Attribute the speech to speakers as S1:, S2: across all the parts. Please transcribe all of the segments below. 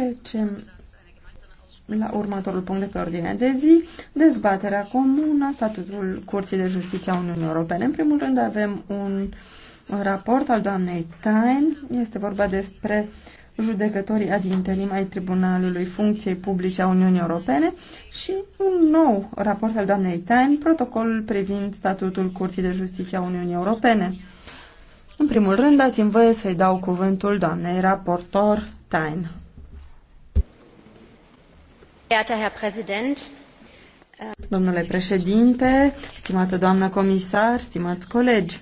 S1: Trecem la următorul punct de pe ordine de zi, dezbaterea comună, statutul Curții de Justiție a Uniunii Europene. În primul rând avem un raport al doamnei Tain. Este vorba despre judecătorii ad interim ai Tribunalului Funcției Publice a Uniunii Europene și un nou raport al doamnei Tain, protocolul privind statutul Curții de Justiție a Uniunii Europene. În primul rând, dați-mi voie să-i dau cuvântul doamnei raportor Tain. Domnule președinte, stimată doamnă comisar, stimați colegi,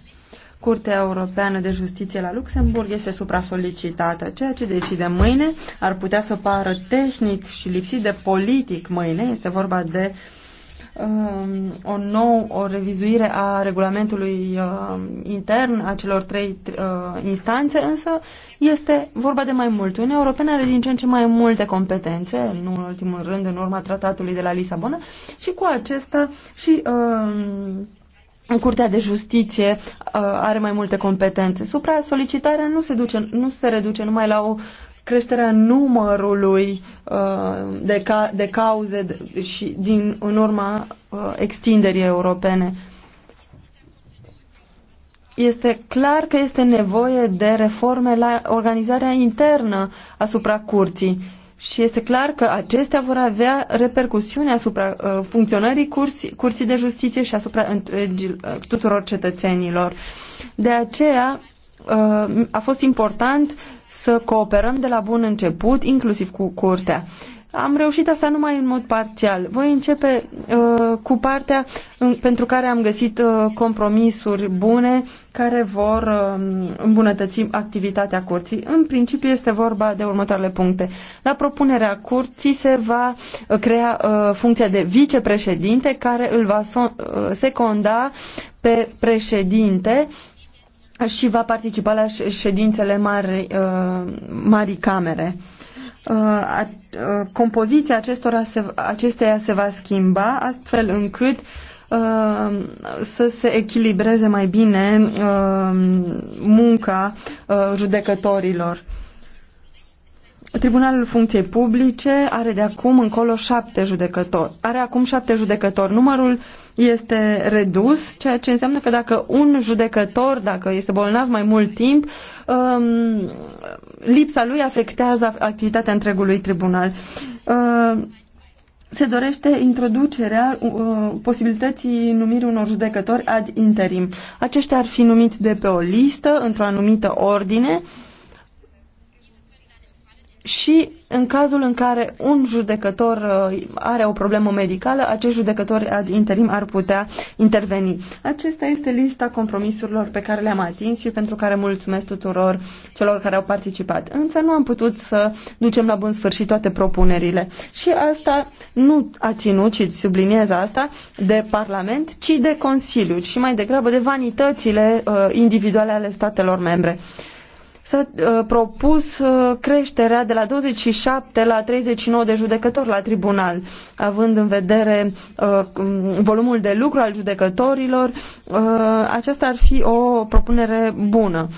S1: Curtea Europeană de Justiție la Luxemburg este supra-solicitată. Ceea ce decide mâine ar putea să pară tehnic și lipsit de politic mâine. Este vorba de uh, Um, o nouă o revizuire a regulamentului uh, intern a celor trei uh, instanțe, însă este vorba de mai mult. Uniunea Europeană are din ce în ce mai multe competențe, nu în ultimul rând în urma tratatului de la Lisabona, și cu acesta și uh, Curtea de Justiție uh, are mai multe competențe. Supra solicitarea nu se, duce, nu se reduce numai la o uh, creșterea numărului uh, de, ca, de cauze și din, în urma uh, extinderii europene. Este clar că este nevoie de reforme la organizarea internă asupra curții și este clar că acestea vor avea repercusiuni asupra uh, funcționării curții, curții de justiție și asupra întregi, uh, tuturor cetățenilor. De aceea, Uh, a fost important să cooperăm de la bun început, inclusiv cu curtea. Am reușit asta numai în mod parțial. Voi începe uh, cu partea în, pentru care am găsit uh, compromisuri bune care vor uh, îmbunătăți activitatea curții. În principiu este vorba de următoarele puncte. La propunerea curții se va uh, crea uh, funcția de vicepreședinte care îl va so- uh, seconda pe președinte și va participa la ședințele mari, uh, marii camere. Uh, uh, compoziția acestora se, acesteia se va schimba astfel încât uh, să se echilibreze mai bine uh, munca uh, judecătorilor. Tribunalul Funcției Publice are de acum încolo șapte judecători. Are acum șapte judecători. Numărul uh, este redus, ceea ce înseamnă că dacă un judecător, dacă este bolnav mai mult timp, um, lipsa lui afectează activitatea întregului tribunal. Uh, se dorește introducerea uh, posibilității numirii unor judecători ad interim. Aceștia ar fi numiți de pe o listă, într-o anumită ordine, uh, și în cazul în care un judecător uh, are o problemă medicală, acest judecător, ad interim ar putea interveni. Acesta este lista compromisurilor pe care le-am atins și pentru care mulțumesc tuturor celor care au participat. Însă nu am putut să ducem la bun sfârșit toate propunerile și asta nu a ținut, și subliniez asta, de Parlament, ci de Consiliu și mai degrabă de vanitățile uh, individuale ale statelor membre. Uh, s-a uh, propus uh, creșterea de la 27 la 39 de judecători la tribunal, având în vedere uh, volumul de lucru al judecătorilor, aceasta ar fi o propunere bună.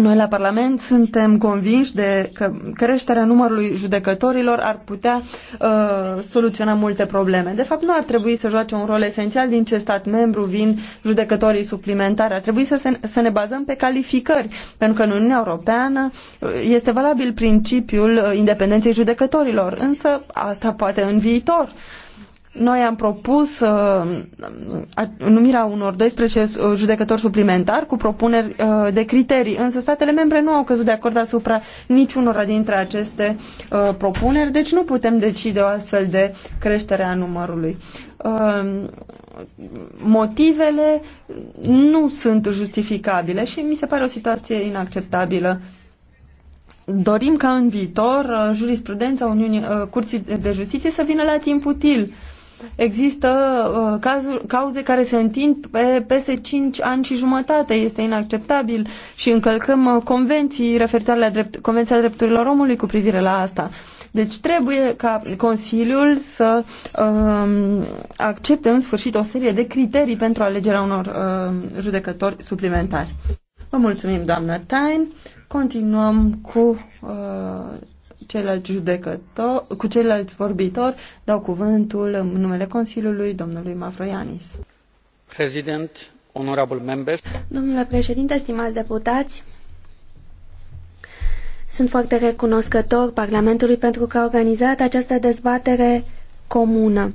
S1: Noi la Parlament suntem convinși de că creșterea numărului judecătorilor ar putea uh, soluționa multe probleme. De fapt, nu ar trebui să joace un rol esențial din ce stat membru vin judecătorii suplimentari. Ar trebui să, se, să ne bazăm pe calificări, pentru că în Uniunea Europeană uh, este valabil principiul uh, independenței judecătorilor, însă asta poate în viitor. Uh, noi am propus uh, numirea unor 12 uh, judecători suplimentari cu propuneri uh, de criterii, însă statele membre nu au căzut de acord asupra niciunora dintre aceste uh, propuneri, deci nu putem decide o astfel de creștere a numărului. Uh, motivele nu sunt justificabile și mi se pare o situație inacceptabilă dorim ca în viitor uh, jurisprudența Uniunii, uh, Curții de Justiție să vină la timp util. Există uh, cauze care se întind pe peste 5 ani și jumătate. Este inacceptabil și încălcăm uh, convenții referitoare la drept, Convenția Drepturilor Omului cu privire la asta. Deci trebuie ca Consiliul să uh, accepte în sfârșit o serie de criterii pentru alegerea unor uh, judecători suplimentari. Vă mulțumim, doamnă Tain. Continuăm cu uh, ceilalți judecători, cu ceilalți vorbitori. Dau cuvântul în numele Consiliului domnului Mafroianis. President, honorable members.
S2: Domnule președinte, stimați deputați, sunt foarte recunoscător Parlamentului pentru că a organizat această dezbatere comună.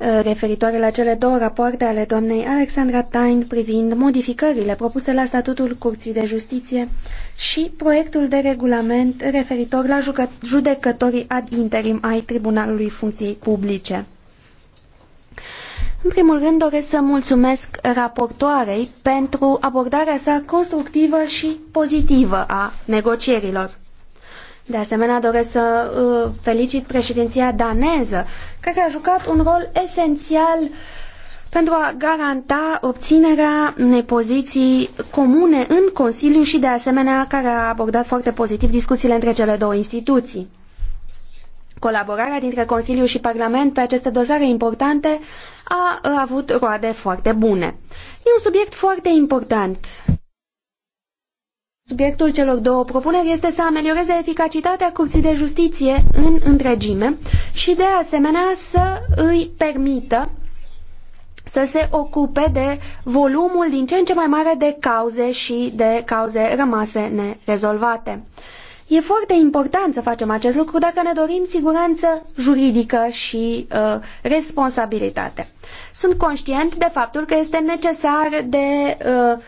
S2: Eh, referitoare la cele două rapoarte ale doamnei Alexandra Tain privind modificările propuse la statutul Curții de Justiție și proiectul de regulament referitor la judecătorii ad interim ai Tribunalului Funcției Publice. În primul rând doresc să mulțumesc raportoarei pentru abordarea sa constructivă și pozitivă a negocierilor. De asemenea, doresc să uh, felicit președinția daneză, care a jucat un rol esențial pentru a garanta obținerea unei poziții comune în Consiliu și, de asemenea, care a abordat foarte pozitiv discuțiile între cele două instituții. Colaborarea dintre Consiliu și Parlament pe aceste dosare importante a avut roade foarte bune. E un subiect foarte important Subiectul celor două propuneri este să amelioreze eficacitatea Curții de Justiție în întregime și de asemenea să îi permită să se ocupe de volumul din ce în ce mai mare de cauze și de cauze rămase nerezolvate. E foarte important să facem acest lucru dacă ne dorim siguranță juridică și uh, responsabilitate. Sunt conștient de faptul că este necesar de uh,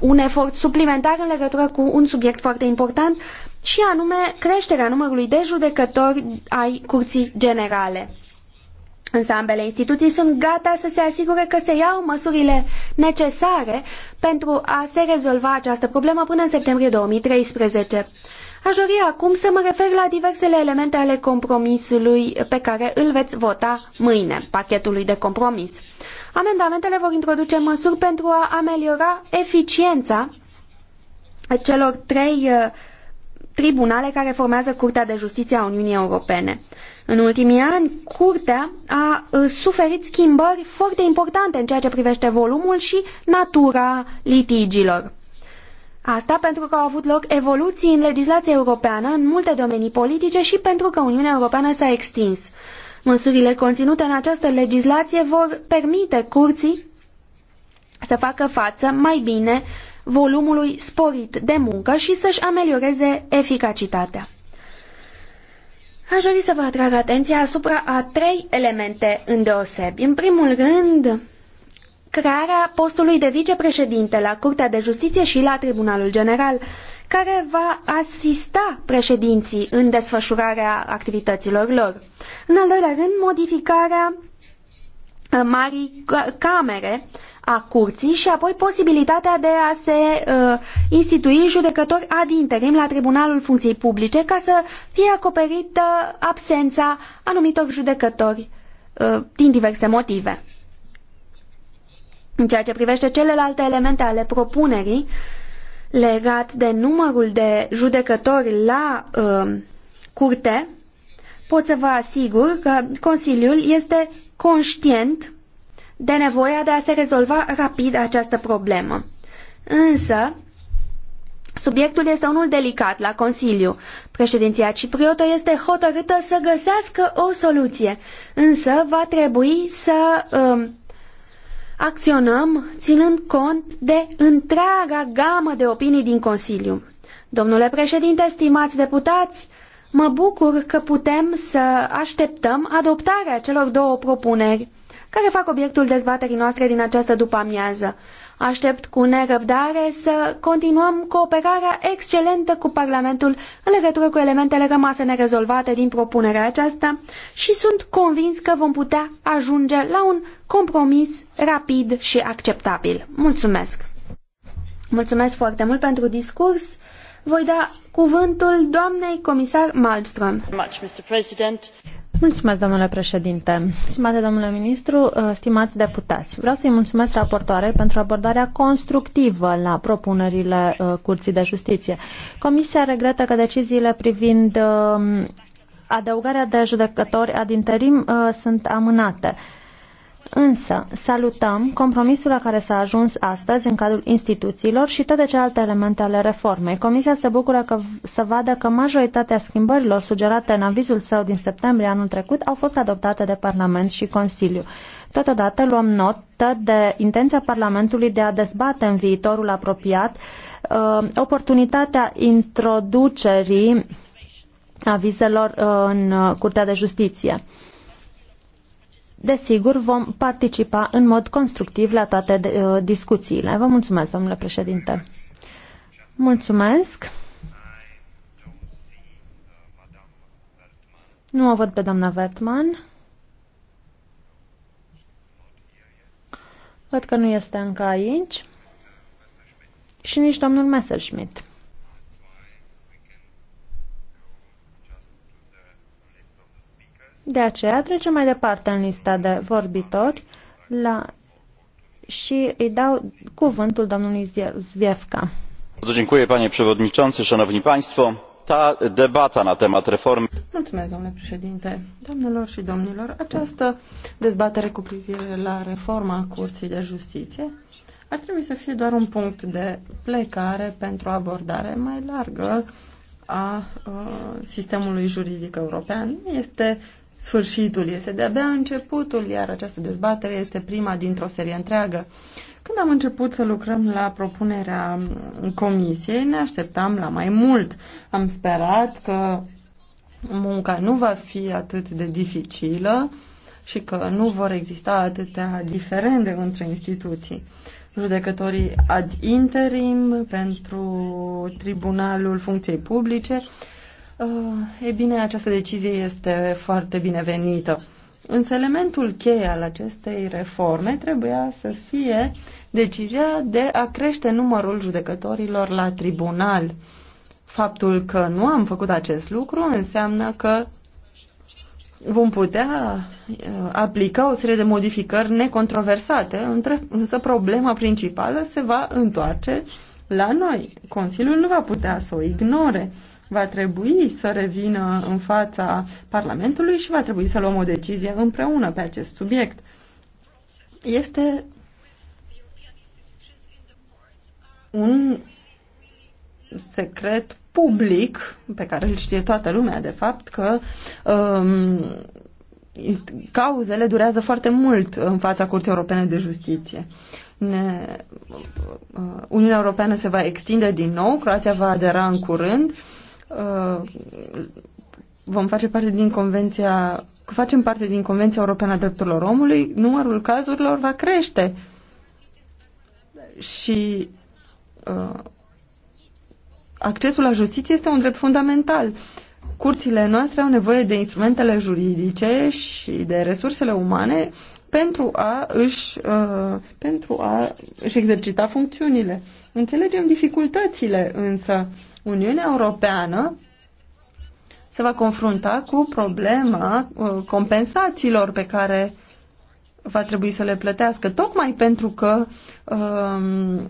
S2: un efort suplimentar în legătură cu un subiect foarte important și anume creșterea numărului de judecători ai curții generale. Însă ambele instituții sunt gata să se asigure că se iau măsurile necesare pentru a se rezolva această problemă până în septembrie 2013. Aș dori acum să mă refer la diversele elemente ale compromisului pe care îl veți vota mâine, pachetului de compromis. Amendamentele vor introduce măsuri pentru a ameliora eficiența celor trei uh, tribunale care formează Curtea de Justiție a Uniunii Europene. În ultimii ani, Curtea a uh, suferit schimbări foarte importante în ceea ce privește volumul și natura litigilor. Asta pentru că au avut loc evoluții în legislația europeană în multe domenii politice și pentru că Uniunea Europeană s-a extins. Măsurile conținute în această legislație vor permite curții să facă față mai bine volumului sporit de muncă și să-și amelioreze eficacitatea. Aș dori să vă atrag atenția asupra a trei elemente îndeosebi. În primul rând, crearea postului de vicepreședinte la Curtea de Justiție și la Tribunalul General care va asista președinții în desfășurarea activităților lor. În al doilea rând, modificarea uh, marii camere a curții și apoi posibilitatea de a se uh, institui judecători ad interim la Tribunalul Funcției Publice ca să fie acoperită absența anumitor judecători uh, din diverse motive. În ceea ce privește celelalte elemente ale propunerii, uh, legat de numărul de judecători la uh, curte, pot să vă asigur că Consiliul este conștient de nevoia de a se rezolva rapid această problemă. Însă, subiectul este unul delicat la Consiliu. Președinția cipriotă este hotărâtă să găsească o soluție, însă va trebui să Uh, acționăm ținând cont de întreaga gamă de opinii din Consiliu. Domnule președinte, stimați deputați, mă bucur că putem să așteptăm adoptarea celor două propuneri care fac obiectul dezbaterii noastre din această după-amiază. Aștept cu nerăbdare să continuăm cooperarea excelentă cu Parlamentul în legătură cu elementele rămase nerezolvate din propunerea aceasta și sunt convins că vom putea ajunge la un compromis rapid și acceptabil. Mulțumesc! Mulțumesc foarte mult pentru discurs. Voi da cuvântul doamnei comisar Malmström. Mulțumesc, domnule președinte.
S3: Stimate domnule ministru, uh, stimați deputați, vreau să-i mulțumesc raportoarei pentru abordarea constructivă la propunerile uh, Curții de Justiție. Comisia regretă că deciziile privind um, adăugarea de judecători ad interim uh, sunt amânate. Însă, salutăm compromisul la care s-a ajuns astăzi în cadrul instituțiilor și toate celelalte elemente ale reformei. Comisia se bucură că, să vadă că majoritatea schimbărilor sugerate în avizul său din septembrie anul trecut au fost adoptate de Parlament și Consiliu. Totodată luăm notă de intenția Parlamentului de a dezbate în viitorul apropiat uh, oportunitatea introducerii avizelor uh, în uh, Curtea de Justiție desigur, vom participa în mod constructiv la toate uh, discuțiile. Vă mulțumesc, domnule președinte. Mulțumesc. Nu o văd pe doamna Vertman. Văd că nu este încă aici. Și nici domnul Messerschmidt. De aceea trecem mai departe în lista de vorbitori la... și îi dau cuvântul domnului Zwiefka.
S1: Panie Przewodniczący, Szanowni Państwo, ta debata na temat reformy... Mulțumesc, domnule președinte. Doamnelor și domnilor, această dezbatere cu privire la reforma Curții de Justiție ar trebui să fie doar un punct de plecare pentru abordare mai largă a, a ă, sistemului juridic european. Nu este sfârșitul, este de-abia începutul, iar această dezbatere este prima dintr-o serie întreagă. Când am început să lucrăm la propunerea comisiei, ne așteptam la mai mult. Am sperat că munca nu va fi atât de dificilă și că nu vor exista atâtea diferende între instituții. Judecătorii ad interim pentru Tribunalul Funcției Publice Eh, e bine, această decizie este foarte binevenită. Însă elementul cheie al acestei reforme trebuia să fie decizia de a crește numărul judecătorilor la tribunal. Faptul că nu am făcut acest lucru înseamnă că vom putea eh, aplica o serie de modificări necontroversate, însă problema principală se va întoarce la noi. Consiliul nu va putea să o ignore va trebui să revină în fața Parlamentului și va trebui să luăm o decizie împreună pe acest subiect. Este un secret public pe care îl știe toată lumea, de fapt, că um, cauzele durează foarte mult în fața Curții Europene de Justiție. Ne, uh, Uniunea Europeană se va extinde din nou, Croația va adera în curând Uh, vom face parte din convenția, facem parte din Convenția Europeană a Drepturilor Omului, numărul cazurilor va crește. Și uh, accesul la justiție este un drept fundamental. Curțile noastre au nevoie de instrumentele juridice și de resursele umane pentru a își, uh, pentru a își exercita funcțiunile. Înțelegem dificultățile, însă uh, Uniunea Europeană se va confrunta cu problema uh, compensațiilor pe care va trebui să le plătească, tocmai pentru că um,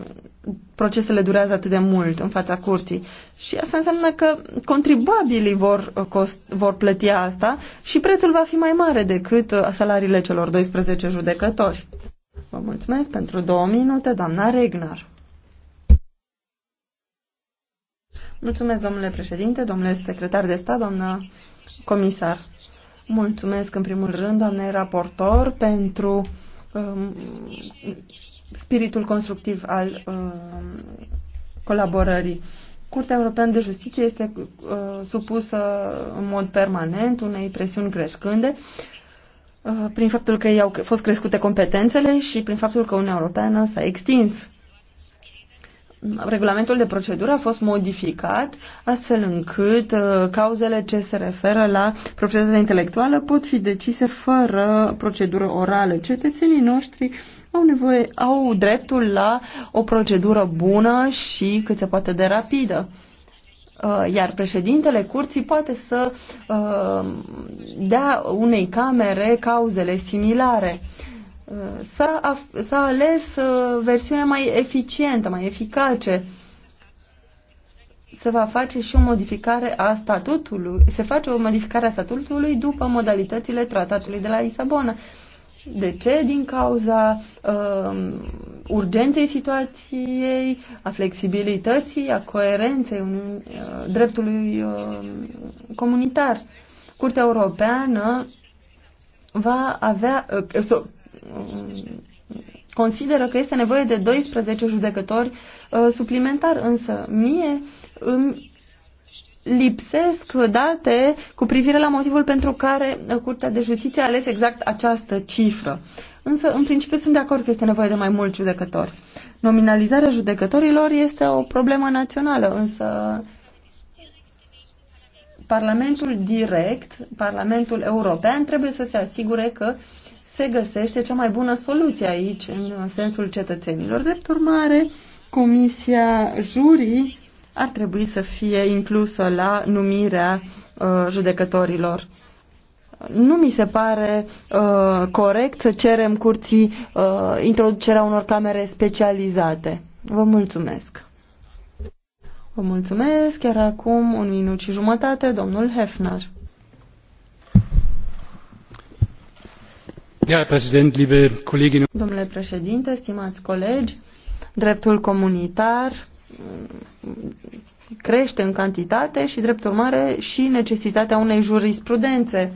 S1: procesele durează atât de mult în fața curții. Și asta înseamnă că contribuabilii vor, uh, cost, vor plăti asta și prețul va fi mai mare decât uh, salariile celor 12 judecători. Vă mulțumesc pentru două minute, doamna Regnar. Mulțumesc, domnule președinte, domnule secretar de stat, doamnă comisar. Mulțumesc, în primul rând, doamne raportor, pentru um, spiritul constructiv al um, colaborării. Curtea Europeană de Justiție este uh, supusă în mod permanent unei presiuni crescânde uh, prin faptul că i-au fost crescute competențele și prin faptul că Uniunea Europeană s-a extins regulamentul de procedură a fost modificat astfel încât uh, cauzele ce se referă la proprietatea intelectuală pot fi decise fără procedură orală. Cetățenii noștri au, nevoie, au dreptul la o procedură bună și cât se poate de rapidă. Uh, iar președintele curții poate să uh, dea unei camere cauzele similare. Uh, s-a, ales uh, versiunea mai eficientă, mai eficace. Se va face și o modificare a statutului, se face o modificare a statutului după modalitățile tratatului de la Lisabona. De ce? Din cauza uh, urgenței situației, a flexibilității, a coerenței unui, uh, dreptului uh, comunitar. Curtea Europeană va avea, uh, consideră că este nevoie de 12 judecători uh, suplimentar, însă mie îmi lipsesc date cu privire la motivul pentru care uh, Curtea de Justiție a ales exact această cifră. Însă, în principiu, sunt de acord că este nevoie de mai mulți judecători. Nominalizarea judecătorilor este o problemă națională, însă Parlamentul direct, Parlamentul European, trebuie să se asigure că uh, se găsește cea mai bună soluție aici, în sensul cetățenilor. Drept urmare, Comisia Jurii ar trebui să fie inclusă la numirea uh, judecătorilor. Nu mi se pare uh, corect să cerem curții uh, introducerea unor camere specializate. Vă mulțumesc. Vă mulțumesc. Chiar acum un minut și jumătate, domnul Hefner. Domnule președinte, stimați colegi, dreptul comunitar mm, crește în cantitate și, drept urmare, și necesitatea unei jurisprudențe.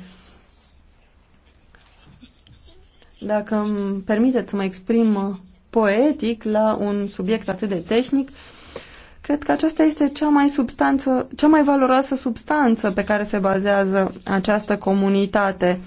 S1: Dacă îmi permiteți să mă exprim poetic la un subiect atât de tehnic, Cred că aceasta este cea mai, substanță, cea mai valoroasă substanță pe care se bazează această comunitate.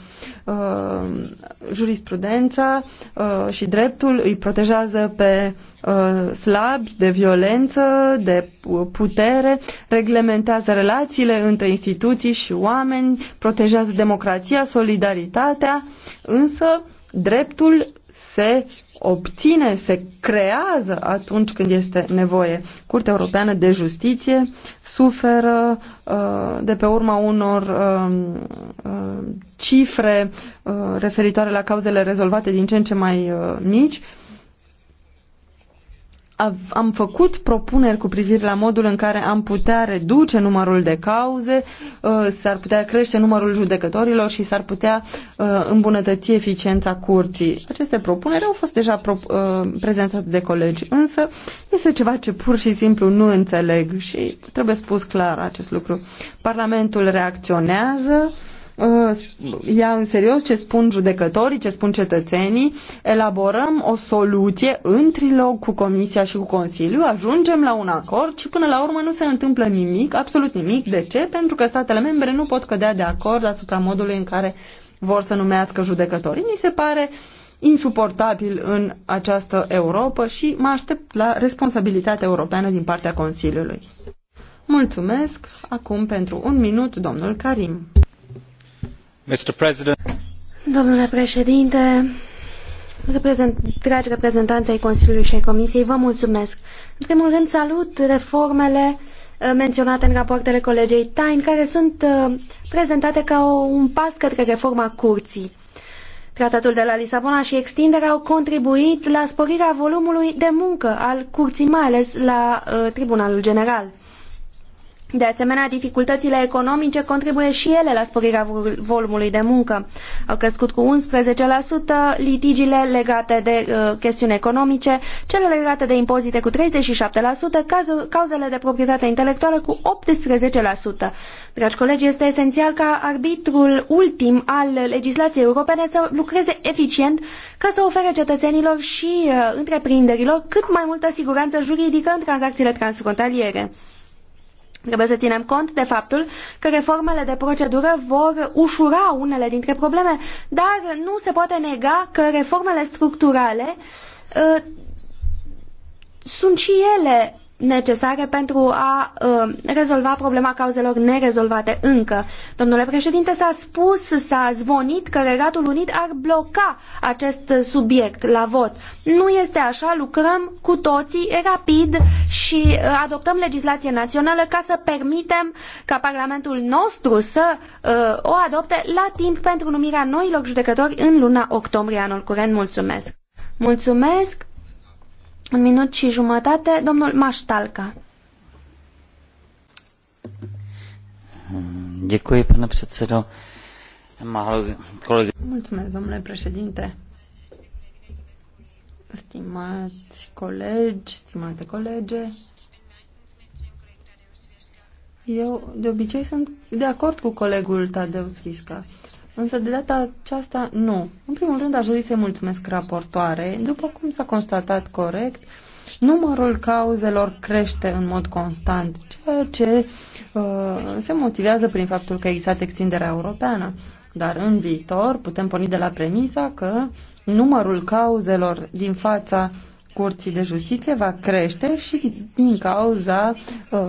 S1: Uh, jurisprudența uh, și dreptul îi protejează pe uh, slabi de violență, de putere, reglementează relațiile între instituții și oameni, protejează democrația, solidaritatea, însă dreptul se obține, se creează atunci când este nevoie. Curtea Europeană de Justiție suferă uh, de pe urma unor uh, uh, cifre uh, referitoare la cauzele rezolvate din ce în ce mai uh, mici uh, am făcut propuneri cu privire la modul în care am putea reduce numărul de cauze, uh, s-ar putea crește numărul judecătorilor și s-ar putea uh, îmbunătăți eficiența curții. Aceste propuneri au fost deja uh, prezentate de colegi, însă este ceva ce pur și simplu nu înțeleg și trebuie spus clar acest lucru. Parlamentul reacționează, ia în serios ce spun judecătorii, ce spun cetățenii, elaborăm o soluție în trilog cu Comisia și cu Consiliu, ajungem la un acord și până la urmă nu se întâmplă nimic, absolut nimic. De ce? Pentru că statele membre nu pot cădea de acord asupra modului în care vor să numească judecătorii. Mi se pare insuportabil în această Europa și mă aștept la responsabilitatea europeană din partea Consiliului. Mulțumesc. Acum pentru un
S2: minut, domnul Karim. Domnule președinte, dragi reprezentanți ai Consiliului și ai Comisiei, vă mulțumesc. În primul rând, salut reformele uh, menționate în rapoartele colegei Tain, care sunt uh, prezentate ca un pas către reforma curții. Tratatul de la Lisabona și extinderea au contribuit la sporirea volumului de muncă al curții, mai ales la uh, Tribunalul General. De asemenea, dificultățile economice contribuie și ele la sporirea volumului de muncă. Au crescut cu 11% litigiile legate de uh, chestiuni economice, cele legate de impozite cu 37%, cauzele de proprietate intelectuală cu 18%. Dragi colegi, este esențial ca arbitrul ultim al legislației europene să lucreze eficient ca să ofere cetățenilor și uh, întreprinderilor cât mai multă siguranță juridică în tranzacțiile transfrontaliere. Trebuie să ținem cont de faptul că reformele de procedură vor ușura unele dintre probleme, dar nu se poate nega că reformele structurale uh, sunt și ele necesare pentru a uh, rezolva problema cauzelor nerezolvate încă. Domnule președinte, s-a spus, s-a zvonit că Regatul Unit ar bloca acest subiect la vot. Nu este așa, lucrăm cu toții rapid și uh, adoptăm legislație națională ca să permitem ca Parlamentul nostru să uh, o adopte la timp pentru numirea noilor judecători în luna octombrie anul curent. Mulțumesc! Mulțumesc! Un minut și jumătate, domnul Maștalca.
S1: Děkuji, pane předsedo.
S3: Málo kolega...
S2: Mulțumesc, domnule
S1: președinte. Stimați colegi, stimate colege, eu de obicei sunt de acord cu colegul Tadeu Schisca. Însă de data aceasta nu. În primul rând aș dori să-i mulțumesc raportoare. După cum s-a constatat corect, numărul cauzelor crește în mod constant, ceea ce uh, se motivează prin faptul că există extinderea europeană. Dar în viitor putem porni de la premisa că numărul cauzelor din fața Curții de Justiție va crește și din cauza uh,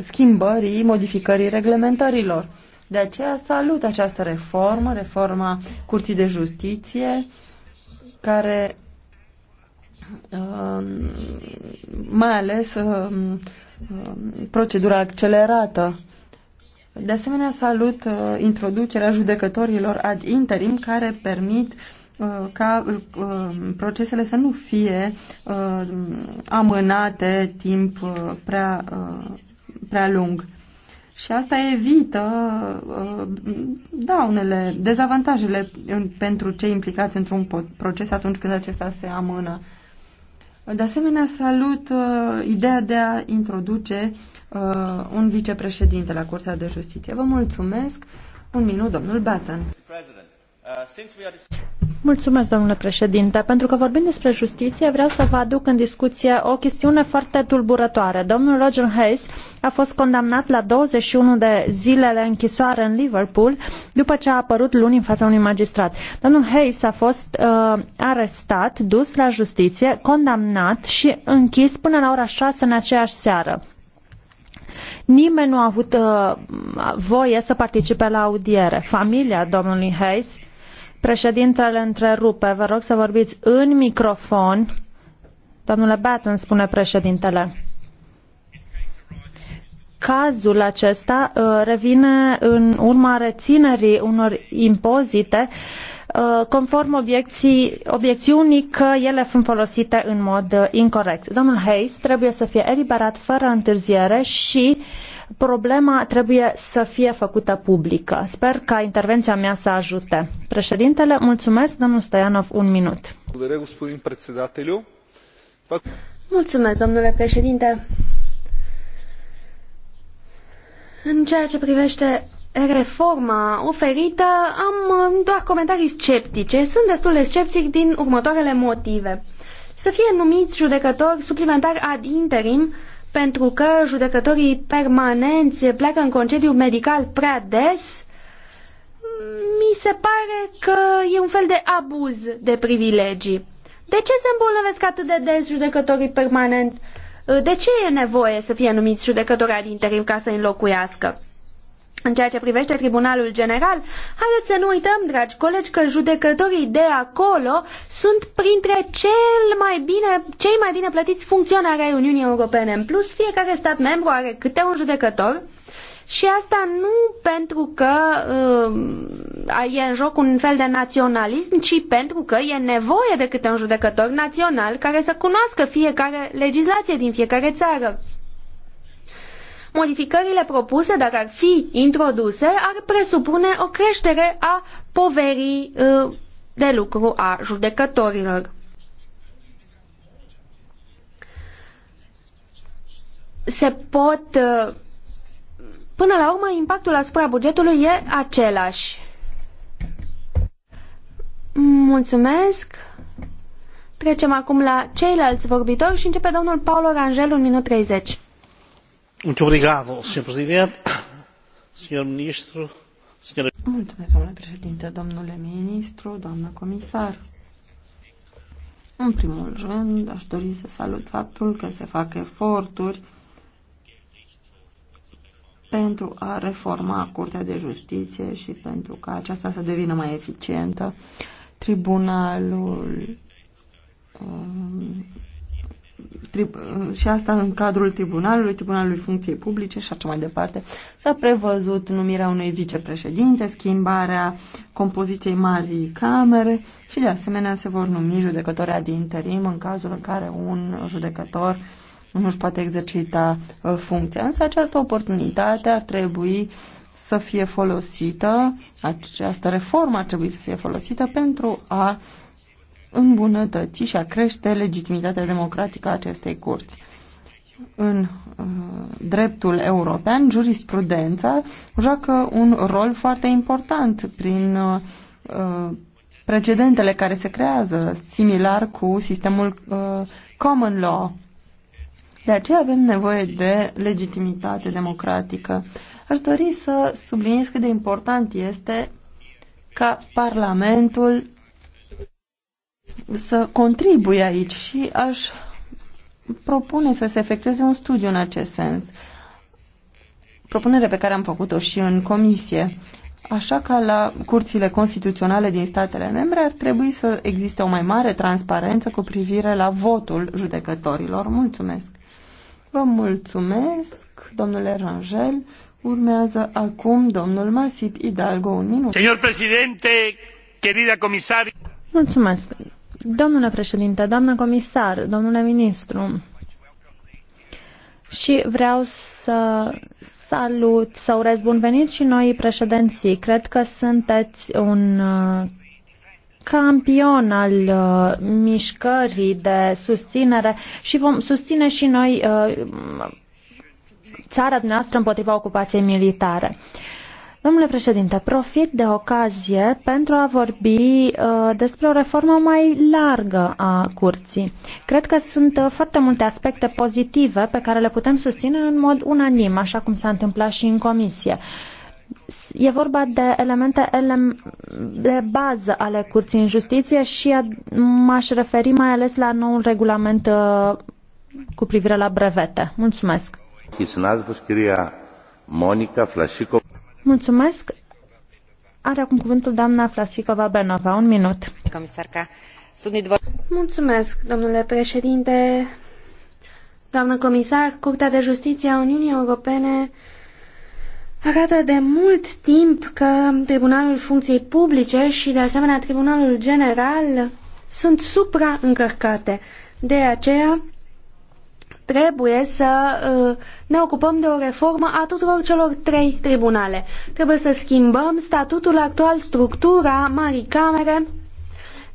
S1: schimbării, modificării reglementărilor. De aceea salut această reformă, reforma Curții de Justiție, care um, mai ales um, um, procedura accelerată. De asemenea, salut uh, introducerea judecătorilor ad interim care permit uh, ca uh, procesele să nu fie amânate timp prea, prea lung. Și asta evită uh, daunele, dezavantajele pentru cei implicați într-un proces atunci când acesta se amână. De asemenea, salut uh, ideea de a introduce uh, un vicepreședinte la Curtea de
S3: Justiție. Vă mulțumesc. Un minut, domnul Batten. Mulțumesc, domnule președinte. Pentru că vorbim despre justiție, vreau să vă aduc în discuție o chestiune foarte tulburătoare. Domnul Roger Hayes a fost condamnat la 21 de zilele închisoare în Liverpool după ce a apărut luni în fața unui magistrat. Domnul Hayes a fost uh, arestat, dus la justiție, condamnat și închis până la ora 6 în aceeași seară. Nimeni nu a avut uh, voie să participe la audiere. Familia domnului Hayes Președintele întrerupe. Vă rog să vorbiți în microfon. Domnule Batten, spune președintele. Cazul acesta uh, revine în urma reținerii unor impozite uh, conform obiecții, obiecțiunii că ele sunt folosite în mod uh, incorrect. Domnul Hayes trebuie să fie eliberat fără întârziere și uh, problema trebuie să fie făcută publică. Sper ca intervenția mea să ajute. Președintele, mulțumesc, domnul Stoianov, un minut. Mulțumesc,
S2: domnule președinte. În ceea ce privește reforma oferită, am doar comentarii sceptice. Sunt destul de sceptic din următoarele motive. Să fie numiți judecători suplimentari ad interim pentru că judecătorii permanenți pleacă în concediu medical prea des, mi se pare că e un fel de abuz de privilegii. De ce se îmbolnăvesc atât de des judecătorii permanent? De ce e nevoie să fie numiți judecători ad interim ca să înlocuiască? În ceea ce privește Tribunalul General, haideți să nu uităm, dragi colegi, că judecătorii de acolo sunt printre cel mai bine, cei mai bine plătiți funcționari ai Uniunii Europene. În plus, fiecare stat membru are câte un judecător și asta nu pentru că uh, e în joc un fel de naționalism, ci pentru că e nevoie de câte un judecător național care să cunoască fiecare legislație din fiecare țară. Modificările propuse, dacă ar fi introduse, ar presupune o creștere a poverii uh, de lucru a judecătorilor. Se pot... Uh, până la urmă, impactul asupra bugetului e același. Mulțumesc. Trecem acum la ceilalți vorbitori și începe domnul Paul Orangel, un minut 30.
S1: Muito domnule președinte, domnule ministru, doamnă comisar. În primul rând, aș dori să salut faptul că se fac eforturi pentru a reforma Curtea de Justiție și pentru ca aceasta să devină mai eficientă. Tribunalul um, și asta în cadrul tribunalului, tribunalului funcției publice și așa mai departe. S-a prevăzut numirea unui vicepreședinte, schimbarea compoziției marii camere și de asemenea se vor numi judecători ad interim în cazul în care un judecător nu își poate exercita uh, funcția. Însă această oportunitate ar trebui să fie folosită, această reformă ar trebui să fie folosită pentru a îmbunătăți și a crește legitimitatea democratică a acestei curți. În uh, dreptul european, jurisprudența joacă un rol foarte important prin uh, uh, precedentele care se creează, similar cu sistemul uh, common law. De aceea avem nevoie de legitimitate democratică. Aș dori să subliniez cât de important este ca Parlamentul să contribuie aici și aș propune să se efectueze un studiu în acest sens. Propunere pe care am făcut-o și în comisie. Așa că la curțile constituționale din statele membre ar trebui să existe o mai mare transparență cu privire la votul judecătorilor. Mulțumesc! Vă mulțumesc, domnule Rangel. Urmează
S3: acum domnul Masip Hidalgo, un minut.
S1: Señor Presidente, querida comisar.
S3: Mulțumesc, Domnule președinte, doamnă comisar, domnule ministru, și vreau să salut, să urez bun venit și noi președinții. Cred că sunteți un uh, campion al uh, mișcării de susținere și vom susține și noi uh, țara noastră împotriva ocupației militare. Uh, Domnule președinte, profit de ocazie pentru a vorbi uh, despre o reformă mai largă a curții. Cred că sunt uh, foarte multe aspecte pozitive pe care le putem susține în mod unanim, așa cum s-a întâmplat și în comisie. E vorba de elemente ele- de bază ale curții în justiție și m-aș referi mai ales la noul regulament uh, cu privire la brevete. Mulțumesc.
S1: Monica Flașicov.
S3: Mulțumesc. Are acum cuvântul doamna Flasicova Benova. Un minut.
S2: Comisarca. Mulțumesc, domnule președinte. Doamnă comisar, Curtea de Justiție a Uniunii Europene arată de mult timp că Tribunalul Funcției Publice și, de asemenea, Tribunalul General sunt supraîncărcate. De aceea, trebuie să uh, ne ocupăm de o reformă a tuturor celor trei tribunale. Trebuie să schimbăm statutul actual, structura Marii Camere,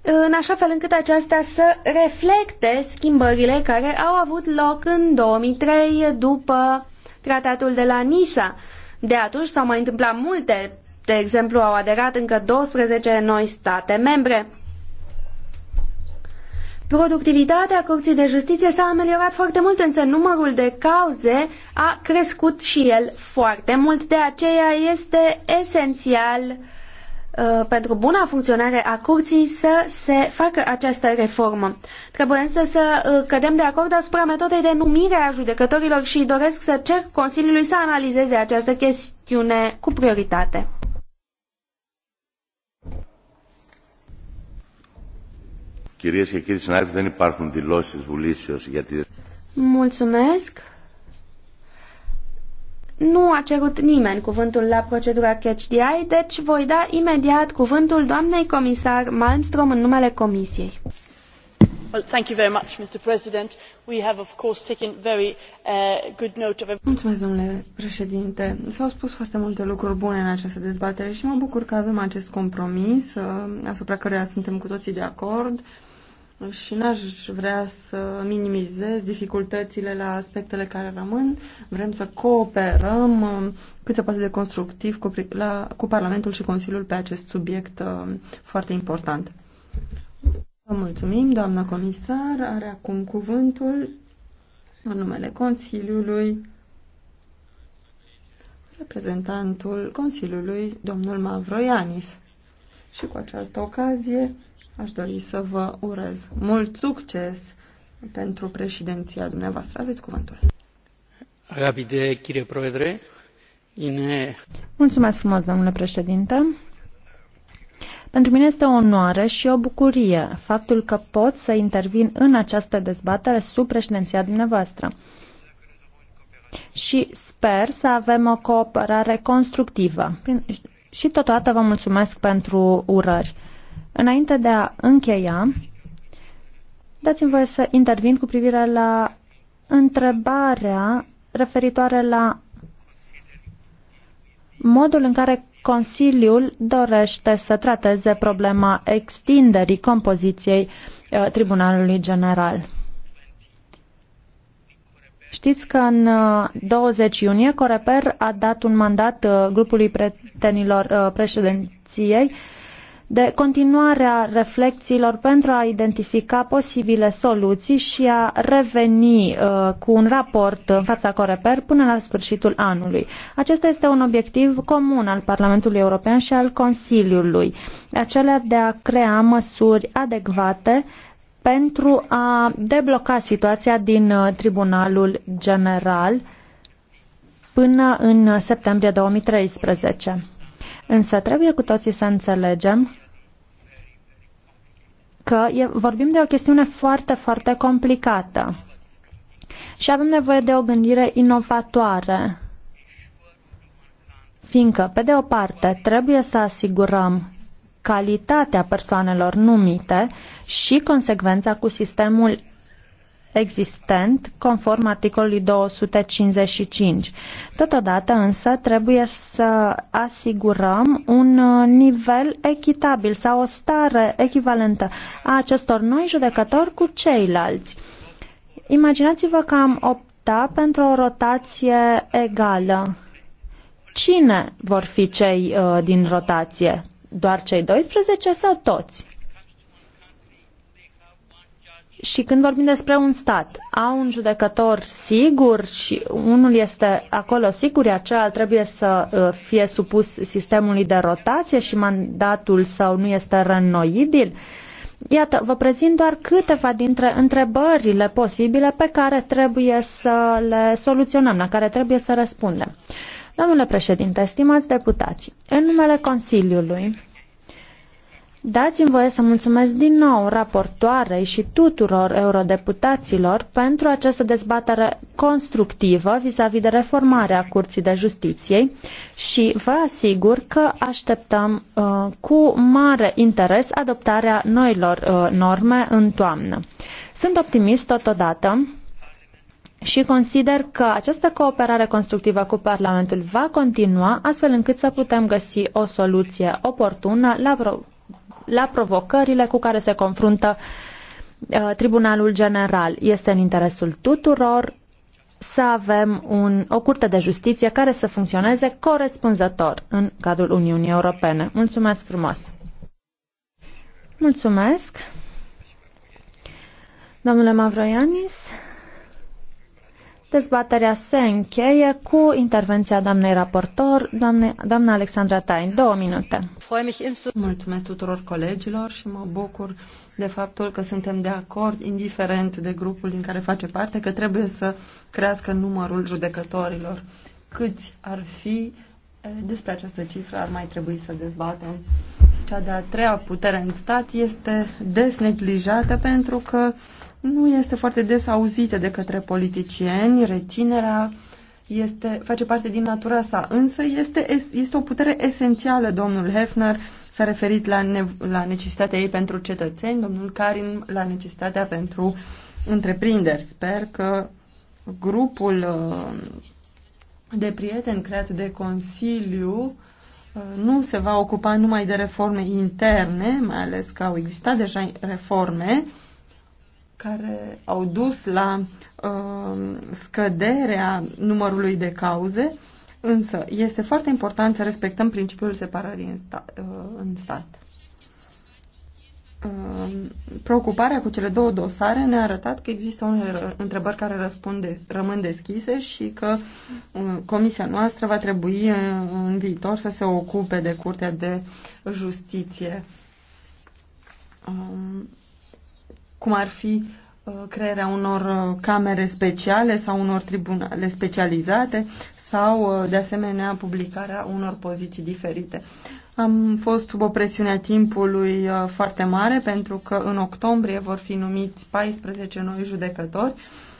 S2: în așa fel încât aceasta să reflecte schimbările care au avut loc în 2003 după tratatul de la Nisa. De atunci s-au mai întâmplat multe, de exemplu au aderat încă 12 noi state membre. Productivitatea Curții de Justiție s-a ameliorat foarte mult, însă numărul de cauze a crescut și el foarte mult. De aceea este esențial uh, pentru buna funcționare a curții să se facă această reformă. Trebuie însă să uh, cădem de acord asupra metodei de numire a judecătorilor și doresc să cer Consiliului să analizeze această chestiune cu prioritate.
S1: Κυρίες και κύριοι συνάδελφοι, δεν υπάρχουν δηλώσεις βουλήσεως γιατί...
S2: Mulțumesc. Nu a cerut nimeni cuvântul la procedura CHDI, deci voi da imediat cuvântul doamnei comisar Malmström în numele Comisiei.
S3: Uh,
S1: Mulțumesc, domnule președinte. S-au spus foarte multe lucruri bune în această dezbatere și mă bucur că avem acest compromis uh, asupra căruia suntem cu toții de acord. Uh, și n-aș vrea să minimizez dificultățile la aspectele care rămân. Vrem să cooperăm cât se poate de constructiv cu, la, cu Parlamentul și Consiliul pe acest subiect uh, foarte important. Vă mulțumim, doamna comisar. Are acum cuvântul în numele Consiliului reprezentantul Consiliului, domnul Mavroianis. Și cu această ocazie Aș dori să vă urez mult succes pentru președinția dumneavoastră. Aveți cuvântul. Rapide, chire proedre. Ine...
S3: Mulțumesc frumos, domnule președinte. Pentru mine este o onoare și o bucurie faptul că pot să intervin în această dezbatere sub președinția dumneavoastră. Și sper să avem o cooperare constructivă. Și totodată vă mulțumesc pentru urări. Înainte de a încheia, dați-mi voie să intervin cu privire la întrebarea referitoare la modul în care Consiliul dorește să trateze problema extinderii compoziției uh, Tribunalului General. Știți că în 20 uh, iunie Coreper a dat un mandat uh, grupului pretenilor președinției de continuarea reflexiilor pentru a identifica posibile soluții și a reveni uh, cu un raport în fața Coreper până la sfârșitul anului. Acesta este un obiectiv comun al Parlamentului European și al Consiliului, acela de a crea măsuri adecvate pentru a debloca situația din uh, Tribunalul General până în septembrie 2013. Însă trebuie cu toții să înțelegem că e, vorbim de o chestiune foarte, foarte complicată și avem nevoie de o gândire inovatoare, fiindcă, pe de o parte, trebuie să asigurăm calitatea persoanelor numite și consecvența cu sistemul existent, conform articolului 255. Totodată însă trebuie să asigurăm un uh, nivel echitabil sau o stare echivalentă a acestor noi judecători cu ceilalți. Imaginați-vă că am opta pentru o rotație egală. Cine vor fi cei uh, din rotație? Doar cei 12 sau toți? Și când vorbim despre un stat, au un judecător sigur și unul este acolo sigur, iar celălalt trebuie să uh, fie supus sistemului de rotație și mandatul său nu este reînnoibil? Iată, vă prezint doar câteva dintre întrebările posibile pe care trebuie să le soluționăm, la care trebuie să răspundem. Domnule președinte, stimați deputați, în numele Consiliului, Dați-mi voie să mulțumesc din nou raportoarei și tuturor eurodeputaților pentru această dezbatere constructivă vis-a-vis -vis de reformarea Curții de justiție și vă asigur că așteptăm uh, cu mare interes adoptarea noilor uh, norme în toamnă. Sunt optimist totodată și consider că această cooperare constructivă cu Parlamentul va continua astfel încât să putem găsi o soluție oportună la la provocările cu care se confruntă uh, Tribunalul General. Este în interesul tuturor să avem un, o curte de justiție care să funcționeze corespunzător în cadrul Uniunii Europene. Mulțumesc frumos! Mulțumesc! Domnule Mavroianis, Dezbaterea se încheie cu intervenția doamnei raportor, doamne, doamna Alexandra Tain. Două minute.
S1: Mulțumesc tuturor colegilor și mă bucur de faptul că suntem de acord, indiferent de grupul din care face parte, că trebuie să crească numărul judecătorilor. Câți ar fi, despre această cifră ar mai trebui să dezbatem. Cea de-a treia putere în stat este desneglijată pentru că nu este foarte des auzită de către politicieni. Reținerea este, face parte din natura sa, însă este, este o putere esențială, domnul Hefner s-a referit la, ne, la necesitatea ei pentru cetățeni, domnul Karin la necesitatea pentru întreprinderi. Sper că grupul uh, de prieteni creat de Consiliu uh, nu se va ocupa numai de reforme interne, mai ales că au existat deja reforme, care au dus la uh, scăderea numărului de cauze, însă este foarte important să respectăm principiul separării în, sta, uh, în stat. Uh, preocuparea cu cele două dosare ne-a arătat că există unele întrebări care răspunde, rămân deschise și că uh, comisia noastră va trebui uh, în viitor să se ocupe de Curtea de Justiție cum ar fi uh, crearea unor uh, camere speciale sau unor tribunale specializate sau, uh, de asemenea, publicarea unor poziții diferite. Am fost sub o presiune a timpului foarte mare pentru că în octombrie vor fi numiți 14 noi judecători.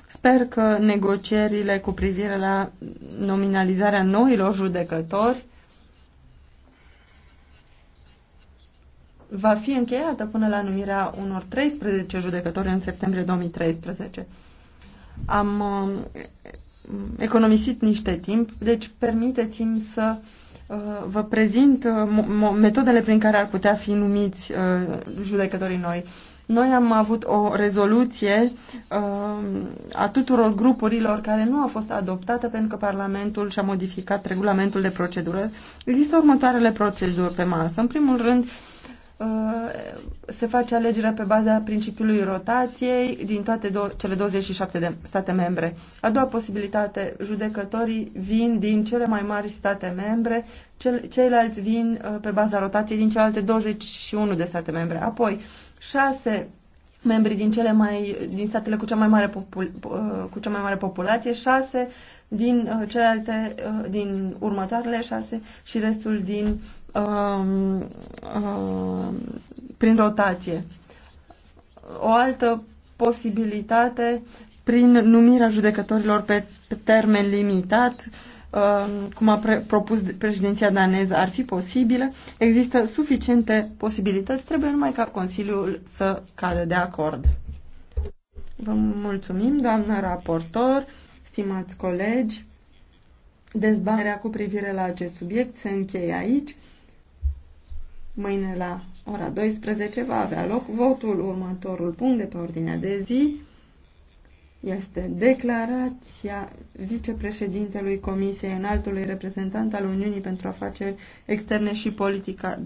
S1: Sper că negocierile cu privire la nominalizarea noilor judecători va fi încheiată până la numirea unor 13 judecători în septembrie 2013. Am um, economisit niște timp, deci permiteți-mi să uh, vă prezint uh, metodele prin care ar putea fi numiți uh, judecătorii noi. Noi am avut o rezoluție uh, a tuturor grupurilor care nu a fost adoptată pentru că Parlamentul și-a modificat regulamentul de procedură. Există următoarele proceduri pe masă. În primul rând, uh, Uh, se face alegerea pe baza principiului rotației din toate cele 27 de state membre. A doua posibilitate, judecătorii vin din cele mai mari state membre, cel, ceilalți vin uh, pe baza rotației din celelalte 21 de state membre. Apoi, șase membri din cele mai din statele cu cea mai mare popul, uh, cu cea mai mare populație, 6 din uh, celelalte uh, din următoarele 6 și restul din um, um, prin rotație. O altă posibilitate prin numirea judecătorilor pe termen limitat uh, Uh, cum a propus președinția daneză, ar fi posibilă. Există suficiente posibilități, trebuie numai ca Consiliul să cadă de acord. Vă mulțumim, doamnă raportor, stimați colegi. Dezbaterea cu privire la acest subiect se încheie aici. Mâine la ora 12 va avea loc votul următorul punct de pe ordinea de zi este declarația vicepreședintelui Comisiei Înaltului Reprezentant al Uniunii pentru Afaceri Externe și Politica de